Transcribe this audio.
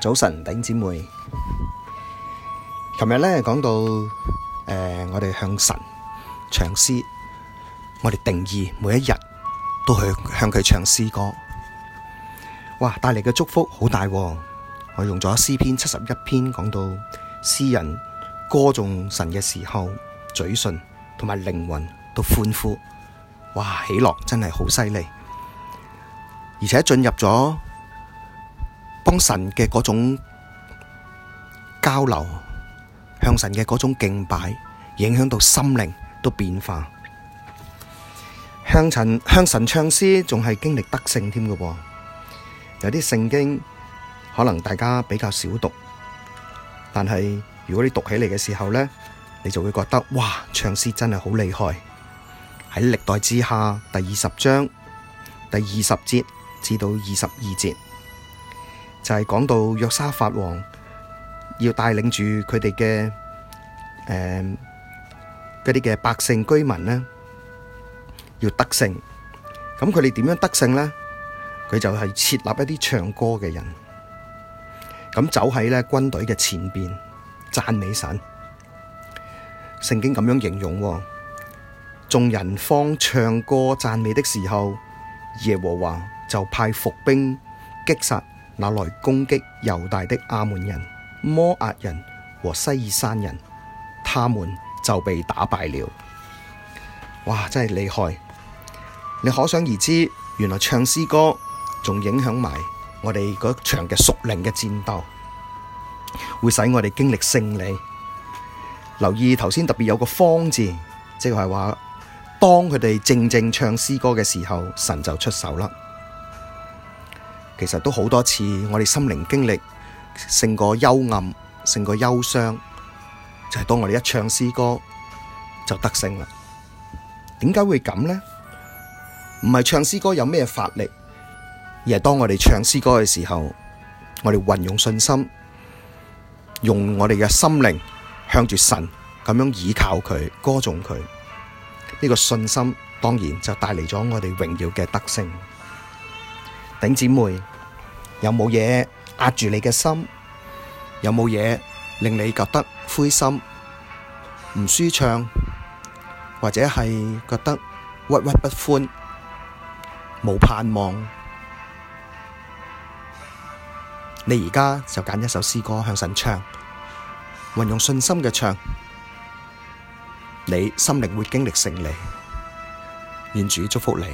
早晨，丁姊妹，琴日咧講到誒、呃，我哋向神唱詩，我哋定義每一日都去向佢唱詩歌，哇，帶嚟嘅祝福好大喎。我用咗詩篇七十一篇講到，詩人歌頌神嘅時候，嘴唇同埋靈魂都歡呼，哇，喜樂真係好犀利，而且進入咗。幫神嘅嗰種交流，向神嘅嗰種敬拜，影響到心靈都變化。向神向神唱詩，仲係經歷得勝添嘅。有啲聖經可能大家比較少讀，但係如果你讀起嚟嘅時候呢，你就會覺得哇，唱詩真係好厲害。喺歷代志下第二十章第二十節至到二十二節。就係講到約沙法王要帶領住佢哋嘅誒啲嘅百姓居民咧，要得勝。咁佢哋點樣得勝咧？佢就係設立一啲唱歌嘅人，咁走喺咧軍隊嘅前面讚美神。聖經咁樣形容喎：眾人方唱歌讚美的時候，耶和華就派伏兵擊殺。那來攻擊猶大的亞捫人、摩押人和西珥山人，他們就被打敗了。哇，真係厲害！你可想而知，原來唱詩歌仲影響埋我哋嗰場嘅屬靈嘅戰鬥，會使我哋經歷勝利。留意頭先特別有個方字，即係話當佢哋正正唱詩歌嘅時候，神就出手啦。其實都好多次，我哋心靈經歷勝過幽暗，勝過憂傷。就係當我哋一唱詩歌，就得勝啦。點解會咁呢？唔係唱詩歌有咩法力，而係當我哋唱詩歌嘅時候，我哋運用信心，用我哋嘅心靈向住神咁樣倚靠佢，歌頌佢。呢個信心當然就帶嚟咗我哋榮耀嘅得勝，頂姊妹。有冇嘢壓住你嘅心？有冇嘢令你覺得灰心、唔舒暢，或者係覺得鬱鬱不歡、冇盼望？你而家就揀一首詩歌向神唱，運用信心嘅唱，你心靈會經歷勝利。願主祝福你。